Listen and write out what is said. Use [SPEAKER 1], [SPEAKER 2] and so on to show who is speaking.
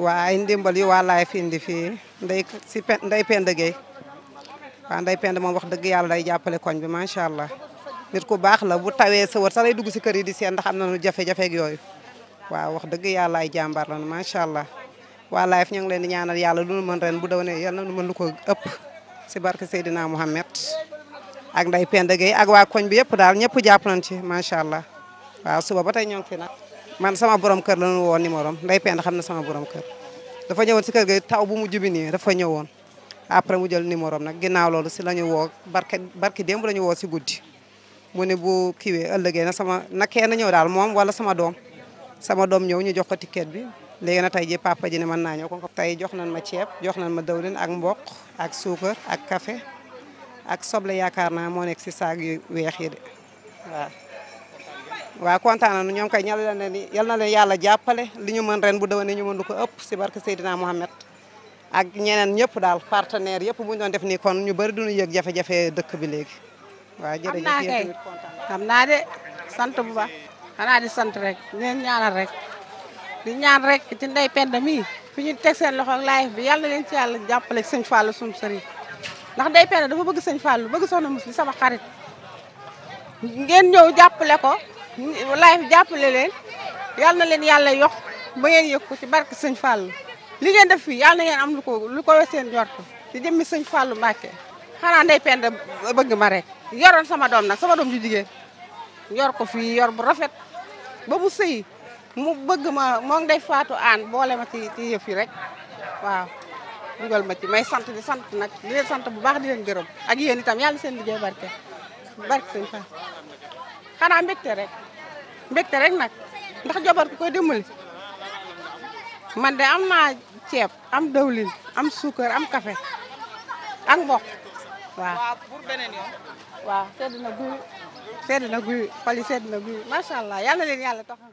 [SPEAKER 1] waa ay ndimbal yi waa laay fi indi fii nday si nday waa Gueye waaw nday pend moom wax dëgg yàlla day jàppale koñ bi macha allah nit ku baax la bu tawee sa wër sax dugg si kër yi di seen ndax am nañu jafe-jafe ak yooyu waaw wax dëgg yàlla ay jàmbaar lan macha allah waa laay ngi leen di ñaanal yàlla lu nu mën ren bu daw ne yàlla nu mën lu ko ëpp si barke Seydina Mohamed ak nday pend Gueye ak waa koñ bi yëpp daal ñëpp jàpp nañ ci macha allah waaw suba ba tey ñoo fi nag man sama borom kër la woo numéro am nday pend xam na sama borom kër dafa ñëwoon si kër ga taw bu mujj bi nii dafa ñëwoon après mu jël numéro nag ginnaaw loolu si la ñu woo barke barke démb la ñu woo si guddi mu ne bu kiiwee ëllëgee na sama na kenn ñëw daal moom wala sama doom sama doom ñëw ñu jox ko ticket bi léegi na tey ji papa ji ne mën naa ñëw ko tey jox nañ ma ceeb jox nañ ma dawlin ak mboq ak suukar ak kafe ak soble yaakaar naa moo nekk si saag yu weex yi waaw kontaan nu ñoom kay ñal na leen yal na leen yàlla jàppale li ñu mën ren bu déwénee ñu mën lu ko ëpp si barke Seydina Mohamed ak ñeneen ñëpp daal partenaire yëpp bu ñu doon def nii kon ñu bëri duñu yëg jafe-jafe dëkk bi léegi waaw jërëjëf yéen tamit
[SPEAKER 2] kontaan xam naa de sant bu baax xanaa di sant rek leen ñaanal rek di ñaan rek ci ndey Penda mi fu ñu teg seen loxo ak bi yal na leen ci yàlla jàppale sëñ Fallou suñu sëriñ ndax ndey Penda dafa bëgg sëñ Fallou bëgg soxna mus si sama karit ngeen ñëw jàppale ko walaay fi jàppale leen yal na leen yàlla yokk ba ngeen yëg ko ci barke sëñ Fallou li ngeen def fii yal na ngeen am lu ko lu ko seen jort di jëmmi sëñ Fallou Mbacke xanaa ndey pend bëgg ma rek yoroon sama doom nag sama doom ju jigéen yor ko fii yor bu rafet ba mu sëy mu bëgg ma moo ngi day faatu aan boole ma ci ci rek waaw dugal ma ci may sant di sant nag di leen sant bu baax di leen gërëm ak yéen itam yàlla seen liggéey barke barke sëñ Fallou xanaa mbégte rek mbégte rek nag ndax jabar ku koy dimbali man de am naa ceeb am dawlin am suukar am kafe ak mboq waaw. waaw pour beneen yoon. waaw sedd na guy sedd na guy xol yi na guy macha allah yàlla leen yàlla
[SPEAKER 1] taxaw.